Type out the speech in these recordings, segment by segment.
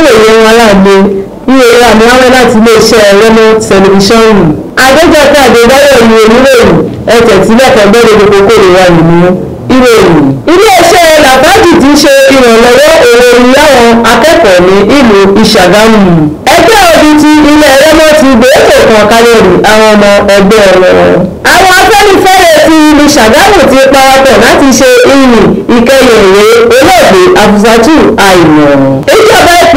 akọ̀wéyé wọn láàgbé ní eré àmúhámẹ́ láti iléeṣẹ́ rẹ́mọ tẹlifíṣọ̀nù adéjọba àdébáyọ̀ ni oníròyìn ẹ̀tẹ̀ sílẹ̀ kẹgbẹ́ lóde kókó ìwà ìlú ìròyìn. iléeṣẹ́ làbájì ti ṣe ìrànlọ́wọ́ èrò ìyáwọn akẹ́kọ̀ọ́ ní ìlú ìṣàgámù. ẹgbẹ́ òbí ti ilé rẹ́mọ ti gbèrò kan káyọ̀rì àwọn ọmọ ẹgbẹ́ wọn. àwọn afẹ́nifẹ́re ti ìlú ṣàgámù ti parapọ̀ láti ṣe ìyìn ìkẹyìn ìwé olóògbé àfúsàtù àìmọ̀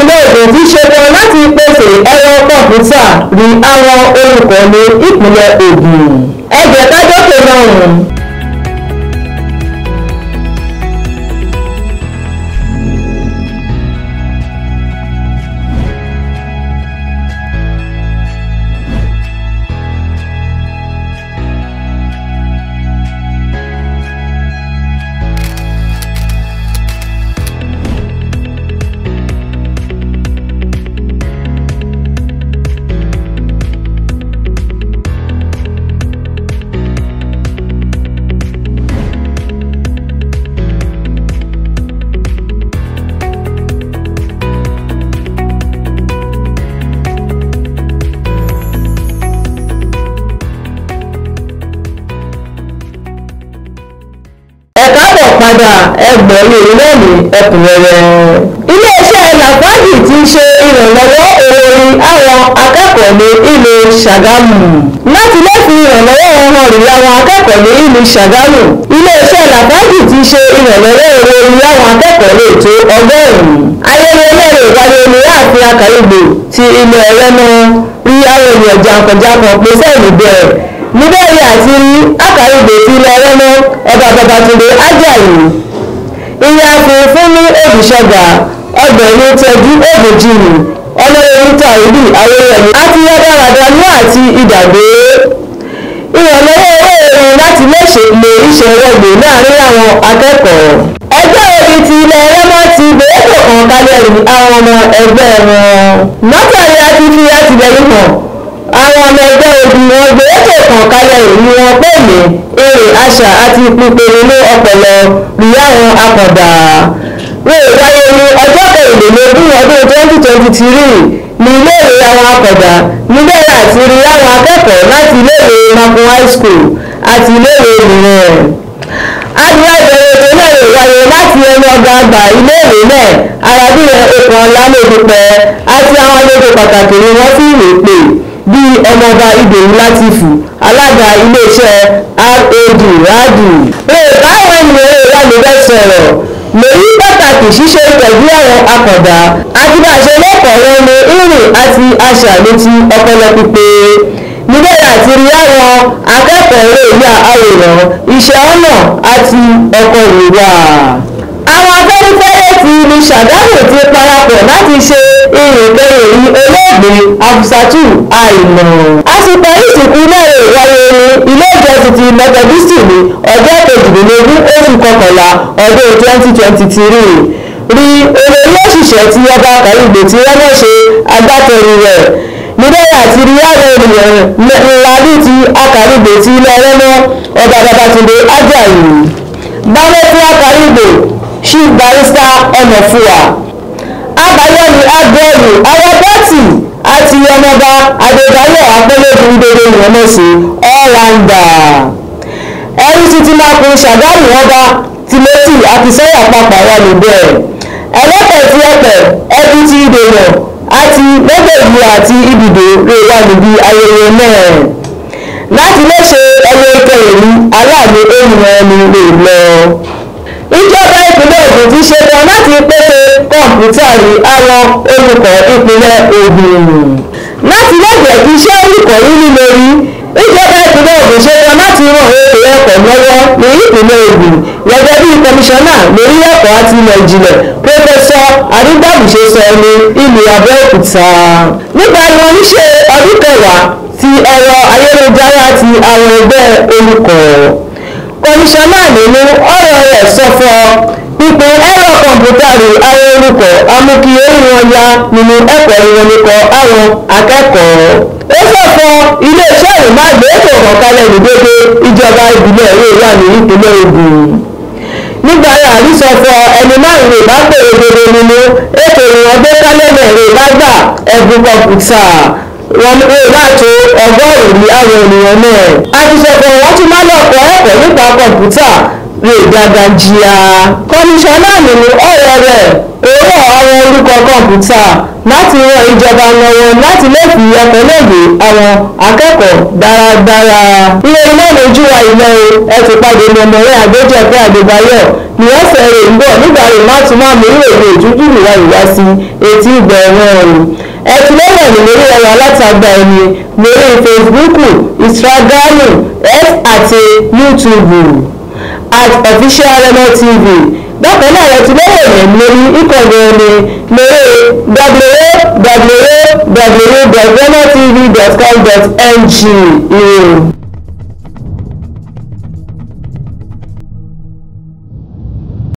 orílẹ̀-èdè ti ṣetán láti pèsè ẹ̀rọ kọ̀ǹpútà rí àwọn olùkọ́ni ìpínlẹ̀ Ògùn. ẹ jẹ́ ká dókè lọ́hùn-ún. padà ẹgbọ̀n ní ìlẹ́ẹ̀lì ẹ̀kúnrẹ́rẹ́. iléeṣẹ́ lafarge ti ṣe ìrànlọ́wọ́ orin àwọn akẹ́kọ̀ọ́ ní ìlú Ṣàgámù. láti lè fi ìrànlọ́wọ́ hàn rí àwọn akẹ́kọ̀ọ́ ní ìlú Ṣàgámù iléeṣẹ́ lafarge ti ṣe ìrànlọ́wọ́ orin àwọn akẹ́kọ̀ọ́ lè tó ọgọ́rùn-ún. ayẹyẹ mẹ́rin ìwádìí omi láàfin akàrẹ́gbò ti ilé ẹ̀rẹ́ náà rí àwọn ènìyàn jàǹkànjàǹkàn pèsè ìlú bẹ̀rẹ̀ níbẹ̀rẹ̀ àti akàrègbèsí lọ́rẹ́lọ́ ọba Babátúndé Àjàyí ìyàfẹ́ fúnmi òbíṣọ́gà ọgbẹ̀rin tẹ́jú òbòjìnì ọlọ́run tàìbì ayẹyẹmí àti ọ̀dàràdàmú àti ìdàgbé ìrànlọ́wọ́ orin láti lè ṣèlè ìṣẹ̀rọ̀gbè láàrin àwọn akẹ́kọ̀ọ́ ẹgbẹ́ orin ti ilẹ̀ rẹ́mọ́ ti gbèrèkọ̀ kan kálẹ̀ àwọn ọmọ ẹgbẹ́ wọn. nọ́tàrí àti fi àtìlẹ́yìn hàn ọmọ ẹgbẹ́ obìnrin ọgbẹ́rẹ́kẹ̀ kan kalẹ̀ ìlú wọn pè ní èrè àṣà àti pípéré lé ọpọlọ ríyáhùn akọ̀dà rẹ̀ wáyé ní ọjọ́ kẹrìnlélógún ọdún twenty twenty three ní iléèwé àwọn akọ̀dà níbẹ̀rẹ̀ àti ríyáhùn akẹ́kọ̀ọ́ láti iléèwé makun high school àti iléèwé mìíràn àdúrà ìbẹ̀rẹ̀ ètò náà lè wáyé láti ẹnu ọgbà àgbà iléèwé náà arábìnrin okùn ọ̀la lójú pẹ́ àti àwọn àlejò pàtàkì ni wọ́n sì rè pé bí ọmọọba ibèyí látìfù alága iléeṣẹ́ rad rádù. èèbá àwọn ènìyàn wa lè fẹ́ sọ̀rọ̀ lèyí pàtàkì ṣíṣe pẹ̀lú àwọn akọ̀dà àti bá a ṣe lọ́kọ̀ọ́ wọn ní ìrìn àti àṣà létí ọpọlọ pípé níbẹ̀ láti rí àwọn akẹ́kọ̀ọ́ eré àwòrán iṣẹ́ ọnà àti ọkọ̀ ìwà. àwọn afẹ́nifẹ́re àti ìlú ṣàgámù ti parapọ̀ láti ṣe ìrìnkèrìn olóògbé àbùsàtù àìmọ̀. a ti parí ìsìnkú mẹ́rin ìwáyé ní ilé ìjọsìn ti mẹ́tẹ̀dísì ní ọjọ́ kejìlélógún oṣù kọkànlá ọdún twenty twenty three rí olórí òṣìṣẹ́ tí ọba kàyìnbó tí wọ́n náà ṣe agbátẹrù rẹ̀ níbẹ̀rẹ̀ àti rí àwọn ènìyàn ńlá bíi ti akàrígbè tí ilé ọlọ́mọ ọba Babátúndé Àjàyí bámẹ́tì akàrígbè Chief Barrister Ọ̀nàfúwà Abáyọ̀mí Agbọ́ọ̀lù Awọ́bọ́tì àti Ọmọba Adébáyọ̀ Apẹ́lẹ́dùn Dédé Ìrànmọ́sí ọ̀làǹdà ẹ̀rí tuntun máa kun Ṣàgámù ọba Tìmọ́tì Akínsẹ́yà papọ̀ àwọn olùgbọ́ ẹ̀ ẹlẹ́pẹ̀ tí ọ̀pẹ̀ ẹbí ti ìdènà àti lẹ́gbẹ̀ẹ́gbù àti ibùdó rẹ̀ wà níbi ayẹyẹ náà láti lè ṣe ẹyẹ ìkẹyìn aláàbò ènìyàn ẹni lè lọ ìjọba ìpínlẹ̀ Ògùn ti ṣetán láti pèsè kọ̀ǹpútà yìí àwọn olùkọ́ ìpínlẹ̀ Ògùn láti lọ́gbẹ̀ẹ́ iṣẹ́ olùkọ́ yìí lórí ìjọba ìpínlẹ̀ Ògùn ṣetán láti ràn ètò ẹ̀kọ́ lọ́wọ́ ní ìpínlẹ̀ Ògùn gẹ́gẹ́ bí kọmíṣánná lórí ẹ̀kọ́ àti ilẹ̀ ìjìnlẹ̀ pẹ́fẹ́sọ àdígbàbù ṣe sọ ní ìlú Abẹ́òkúta nípa ìwọ̀n níṣe ọdún kẹwàá ti ẹ̀rọ ayélujára ti àwọn ẹgbẹ́ olùkọ́ kọmíṣánná nínú ọ̀rọ̀ rẹ̀ sọ fún ọ ẹ̀rọ kọ̀ǹpútà rè àwọn orúkọ amúkí orí wọn ya nínú ẹ̀kọ́ ìrònúkọ àwọn akẹ́kọ̀ọ́ ó sọ fún iléeṣẹ́ ìmáàgbé ètò ọ̀kọ̀kalẹ̀ ìdídéde ìjọba ìbílẹ̀ èwe wà ní ìpínlẹ̀ Ògùn nígbà yà ní sọ fún ẹni márùn rè bá pèrè gbogbo nínú ètò ìwọ̀n gbé kálẹ̀ wọn ní owó láti ọgọ́rùn-ún ní àwọn ènìyàn náà. àtisọ̀kọ̀ wọn tún máa lọ kọ́ ẹ̀kọ́ nípa kọ̀ǹpútà rè gàgàjìá. kọmíṣánná ní ọ̀rọ̀ rẹ̀ owó àwọn rọ ìjọba lọ́wọ́ láti lè fi àwọn akẹ́kọ̀ọ́ dáradára. ilé iná ẹ ti pàdé ní ọ̀sẹ̀ rẹ̀ ń bọ̀ nígbà rẹ̀ má tún mú ẹ ti lè wà mí lórí ẹ̀rọ alátagbà ẹni lórí fesibúùkù ìsítágírámù x àti yútùbù at official rema tv bákan náà ẹ ti lè wà mí lórí ìkànnì ẹni lórí www.rematv.com.ng.